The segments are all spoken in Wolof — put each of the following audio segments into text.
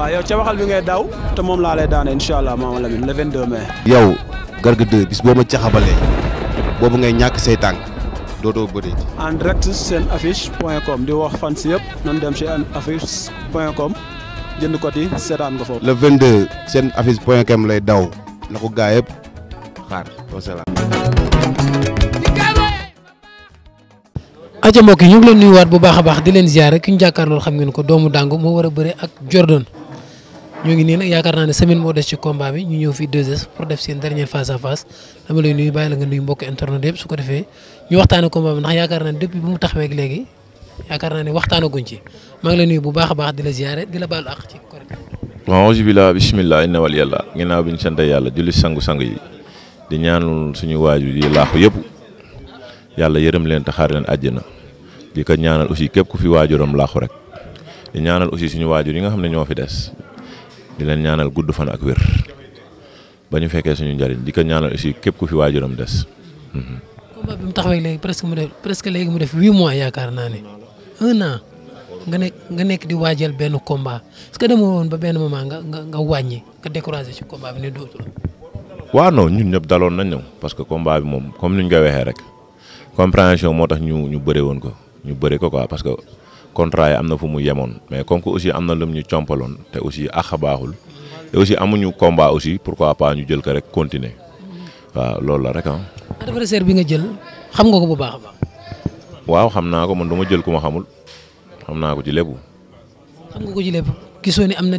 waaw yow ca waxal bi ngay daw te moom laa lay daane incha allah Mama Lamine le 22 mai. yow Garga 2 bis boo ma caxabalee boobu ngay ñàkk say tànk dootoo bëri. en direct seen affiche point com di wax fan si yëpp nan dem si affiche point com jënd ko ti seetaan nga foofu. le 22 point com lay daw na ko gaa yëpp xaar wasalaam. aca ñu ngi leen nuyuwaat bu baax a baax di leen ziar ki jàkkaar loolu xam ngeen ko doomu dàngu moo war a bëre ak Jordan ñoo ngi nii nag yaakaar naa ne semaine moo des ci combat bi ñu ñëw fii 2S pour def seen dernière face à face dama lay nuyu bàyyi la nga nuyu mbokk internet yëpp su ko defee ñu waxtaane combat bi ndax yaakaar naa ne depuis bu mu taxawee ak yaakaar naa ne waxtaanaguñ ci maa ngi lay nuyu bu baax baax di la ziare di la baalu àq ci correct waaw auzu wal yàlla ginnaaw bi ñu sant yàlla julli sangu-sang yi di ñaanul suñu waajur yi laaxu yëpp yàlla yërëm leen te xaar leen àjjana di ko ñaanal aussi képp ku fi waajuram laaxu rek di ñaanal aussi suñu waajur yi nga xam ne ñoo fi des di leen ñaanal gudd fan ak wér ba ñu fekkee suñu njariñ di ko ñaanal aussi képp ku fi waajuram des. Mhm. combat bi mu taxawee léegi presque mu def presque léegi mu def huit mois yaakaar naa ne un an nga nekk nga nekk di waajal benn combat est-ce que demoo woon ba benn moment nga nga nga wàññi nga découragé ci combat bi ne dootul. waa non ñun ñëpp daloon nañ ñëw parce que combat bi moom comme ni ñu ko waxee rek compréhension moo tax ñu ñu woon ko ñu bëre ko quoi parce que. contrat yi am na fu mu yemoon mais comme que aussi am na lum ñu compaloon te aussi axa baaxul te aussi amuñu combat aussi pourquoi pas ñu jël ko rek continuer waaw loolu la rek ah. adversaire bi nga jël xam nga ko bu baax a baax. waaw xam naa ko man du jël ku ma xamul xam naa ko ci lépp. xam nga ko ci lépp gisoo ni na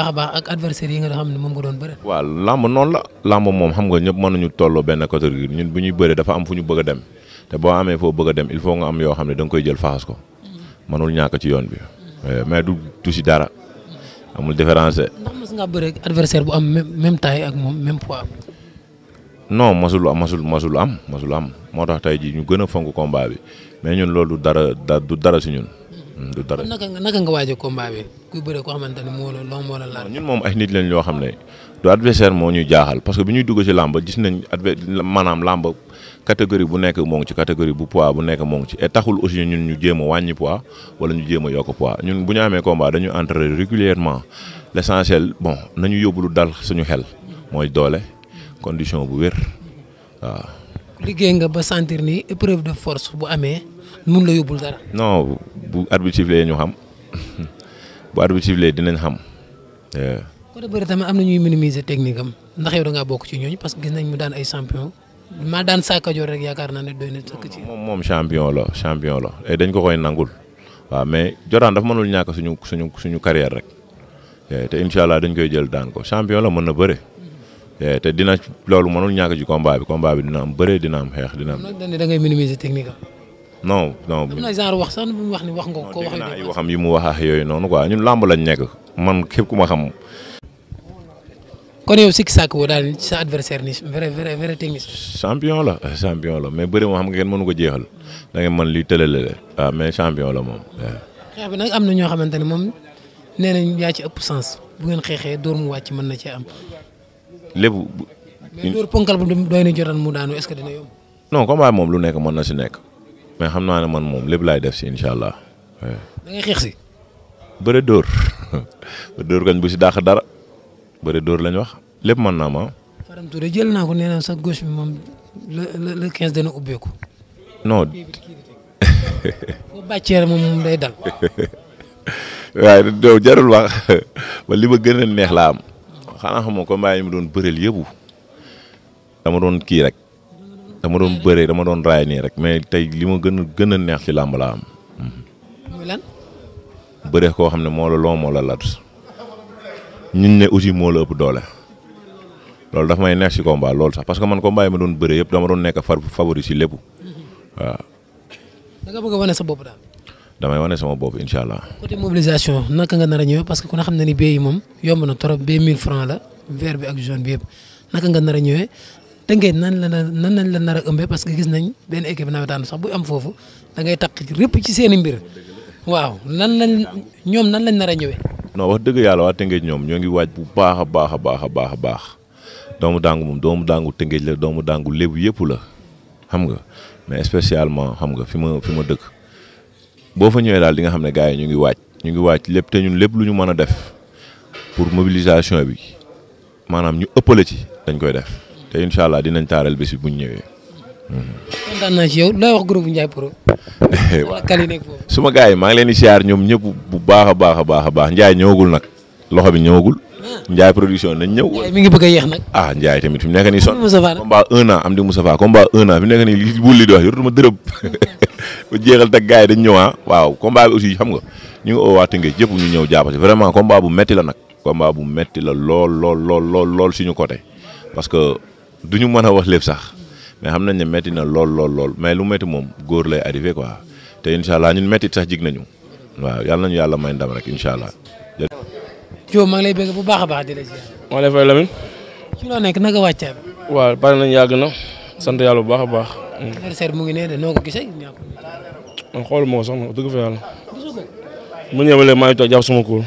a baax ak adversaire yi nga xam ne moom nga doon bëre. waaw làmb noonu la làmb moom xam nga ñëpp mënuñu tolloo benn catégorie ñun bu ñu bëree dafa am fu ñu bëgg a dem te boo amee foo bëgg a dem il faut nga am yoo xam ne danga koy jël faxas ko. mënul ñàkk ci yoon bi. Eh, mais du tu si dara. amul différence. ndax mos nga bëre adversaire bu am même taille ak moom même poids. non masul masul masul am masul am moo tax tey jii ñu gën a fonk combat bi mais ñun loolu du dara du dara si ñun. Hmm, du dara naka nga naka nga waaj combat bi kuy bëre koo xamante ne moo la loo moo la laal. ñun moom ay nit lañ yoo xam ne du adversaire moo ñuy jaaxal parce que bi ñuy dugg làmba làmb gis nañ adver maanaam làmb catégorie bu nekk moo ngi ci catégorie bu poids bu nekk moo ci et taxul aussi ñun ñu jéem a wàññi poids wala ñu jéem a yokk poids ñun bu ñu amee combat dañu entre régulièrement l' essentiel bon nañu yóbbu lu dal suñu xel mooy doole condition bu wér waaw. nga ba sentir ni épreuve force bu amee mun la yóbbul dara. non bu arbitre ñu xam bu arbitre dinañ xam. Euh. côté bëri tamit am na ñuy minimiser technique am ndax yow da ngaa bokk ci ñooñu parce que gis nañ mu daan ay champion. maa daan Sakka Dior rek yaakaar naa ne doy na sëkk ci. moom moom champion la champion la eh, dañ ko koy nangul waaw mais Jordan dafa mënul ñàkk suñu suñu suñu carrière rek eh, te incha allah dañ koy jël daan ko champion la mën na bëre. Eh, te dina loolu mënul ñàkk ji combat bi combat bi dina am bëre dina am xeex dina am. nag dañ da ngay minimiser technique am. non non am na wax sax bu mu wax ni wax nga ko. ko wax ay waxam yi mu wax ak yooyu noonu quoi ñun làmb lañ nekk man képp ku ma xam. kon yow sikki sàkk woo daal sa adversaire ni vrai vrai vrai technicien. la eh, champion mais bëri moo xam nga kenn mënu ko jeexal da nga mën lii tëlale la ah, waaw mais champion la moom waaw. Eh. xeex bi nag am na ñoo xamante ne moom nee nañ yaa ci ëpp sens bu ngeen xeexee dóor mu wàcc mën na cee am. lépp. mais dóor ponkal na jotaan mu daanu est-ce que dina moom lu nekk mën na si nekk. mais xam naa ne man moom lépp laay def si incha allah. Eh. da xeex si. bëre dóor dóor kañ bu si dàq dara. bari dóor lañ wax lépp man naa ma. Faram Touré jël naa ko nee sa gauche bi moom le le quinze dana ubbeeku. non. jarul wax ba li ma gën a neex laa am. xanaa xam ko combat yi ma doon bëreel yëpp dama doon kii rek. dama doon bëree dama doon raay nii rek mais tey li ma gën a gën neex ci làmb laa am. muy lan. koo xam ne moo la loo la lat. ñun ne aussi moo la ëpp doole loolu dafa may neex si combat loolu sax parce que man combat yi ma doon bëree yëpp dama doon nekk favori si lépp waaw. da nga bëgg wane sa bopp daal. damay wane sama bopp incha allah. côté mobilisation naka nga nar a parce que ku a xam na ni bee moom yomb na trop bee 1000 francs la vert bi ak jaune bi yëpp naka nga nar a ñëwee dangeen nan la nan lañ la nar ëmbee parce que gis nañ benn équipe nawetaan sax bu am foofu dangay ngay takk rëpp ci seeni i mbir waaw nan lañ ñoom nan lañ nar a ñëwee. non wax dëgg yàlla waa Tëngéej ñoom ñoo ngi waaj bu baax a baax a baax a baax a baax doomu daangu moom doomu daangu Tëngéej la doomu dàngu lébu yëpp la xam nga mais spécialement xam nga fi ma fi ma dëkk boo fa ñëwee daal di nga xam ne gars yi ñu ngi waaj ñu ngi waaj lépp te ñun lépp lu ñu mën a def pour mobilisation bi maanaam ñu ëppale ci dañ koy def te incha allah dinañ taaral bés bi bu ñëwee. kontaan naa ci yow looy wax groupe Ndiaye Pro. waa Kali nekk yi maa ngi leen di siyaar ñoom ñëpp bu baax a baax a baax a baax Ndiaye ñëwagul nag loxo bi ñëwagul. Ah. Ndiaye production nañ ñëw. Ndiaye mi ngi bëgg a yéex nag. ah Ndiaye tamit fi mu nekk nii son. combat un an am di Moustapha combat un an fi mu nekk nii li wul li di wax yorutuma dërëb. bu jeexal teg gars yi dañ ñëw ah waaw combat bi aussi xam nga ñu ngi oowaat Tëngéej yëpp ñu ñëw jàppati vraiment combat bu metti la nag. combat bu metti la lool lool lool lool lool suñu côté parce que duñu mën a wax lépp sax mais xam nañ ne métti na lool lool lool mais lu métti moom góor lay arrivé quoi te incha allah ñun métti sax jig nañu waaw yàlla nañu yàlla may ndam rek incha allah. Diop maa ngi bu baax a baax di la ziar. nekk naka wàccee ba. waaw nañ yàgg na sant yàlla bu baax a baax. mu ngi ne de noo ko gisee ñàkk. man xooluma ko sax nag dëgg yàlla. mu ñëw ba léegi maa ngi toog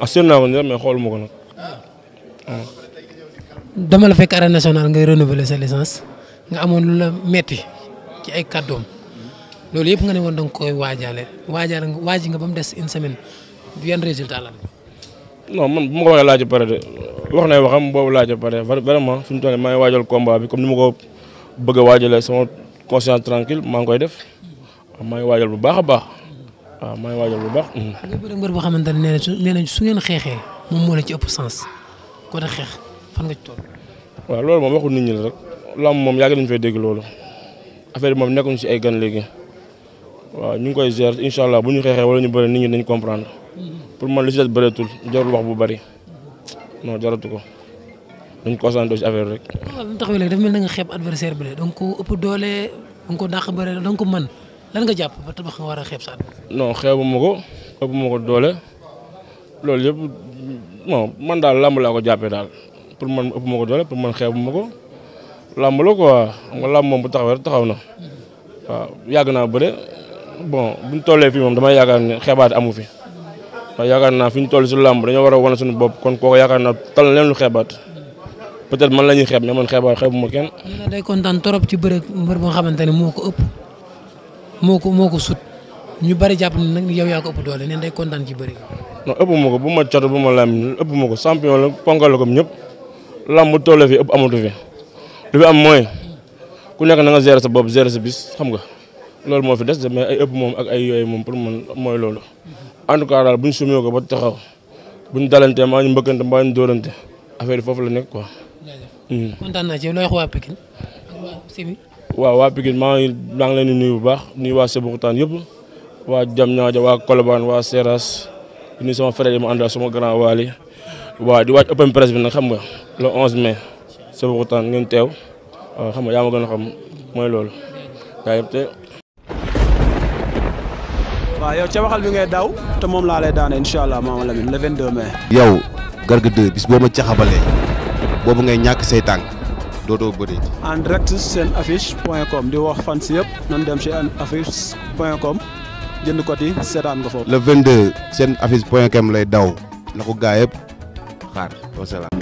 ah, naa ko nii mais xooluma ko nag. dama la fekk arène nationale ngay renouveler sa licence. nga amoon lu la metti ci ay kàddoom loolu yëpp nga ne woon danga koy waajaale waajaale waaji nga ba mu des une semaine yan résultat la. non man bu ma ko waxee laaj pare de wax na waxam boobu laaj pare vraiment fi mu toll nii maa ngi waajal combat bi comme ni ma ko bëgg a waajalee sama conscience tranquille maa ngi koy def maa ngi waajal bu baax a baax waaw maa ngi waajal bu baax. Mm. nga bëri mbër boo xamante ne nee nañ su ngeen xeexee moom moo la ci ëpp sens côté xeex fan nga ci toll. loolu moom waxu nit ñi la rek. lamb moom yàgg nañu fay dégg loolu affaire moom nekkuñu si ay gan léegi waaw ñu koy gérer incha allah bu ñu xeexee wala ñu bëri nit ñi dañ comprendre pour man li si des bëreetul jarul bu bëri non jaratu ko dañ concentré affaire rek. waaw taxaw léegi dafa mel ni nga xeeb adversaire bi la donc ko ëpp doole donc ko dàq bëre donc man lan nga jàpp ba tabax nga war a xeeb sa adversaire. no xeebu ma ko ëpp ma ko doole loolu yëpp non man daal lamb laa ko jàppee daal pour man ëpp ma ko doole pour man xeebu ma ko. làmb la quoi xam nga làmb moom bu taxawee rek taxaw na waaw yàgg naa bëre bon bu ñu tollee fii moom dama yaakaar ne xeebaate amu fi waaw yaakaar naa fi ñu toll si làmb dañoo war a wane suñu bopp kon kooku yaakaar naa tal na leen lu xeebaat peut-être man la ñuy xeeb mais man xeebaat xeebuma kenn. nee na day kontaan trop ci bëre mbër boo xamante ne moo ko ëpp moo ko moo ko sut ñu bari jàpp ne nag yow yaa ko ëpp kontaan ci bëre. non ëpp ma ko bu ma catu bu ma làmb ëpp ma ko champion la ponkal la comme ñëpp làmb lu am mooy ku nekk na nga gérer sa bopp gérer xam nga loolu moo fi des mais ay ëpp moom ak ay yooyu moom pour man mooy loolu. en tout cas daal bu ñu sumee ko ba taxaw bu ñu dalantee maa ñu mbëkkante mbaa ñu dóorante affaire yi foofu la nekk ko hmm. kontaan naa ci waaw waa Pikine maa ngi maa ngi leen di nuyu bu baax nuyu waa taan yëpp waa Diamniadio waa Colobane waa Seras nuyu sama frère yi ma àndal sama grand waali waa di waaj open presse bi nag xam nga le mai. ce sama waxtaan ngeen teew waaw xam nga yaa ma gën a xam mooy loolu gaa yëpp te. waaw yow ca waxal bi ngay daw te moom laa lay daane incha allah Mama Lamine le 22 mai. yow Garga bis boo ma caxabalee boobu ngay ñàkk say tànk dootoo bëri. en direct seen affiche point com di wax fan yëpp nan dem si affiche point com jënd ko ti seetaan nga foofu. seen affiche point com lay daw na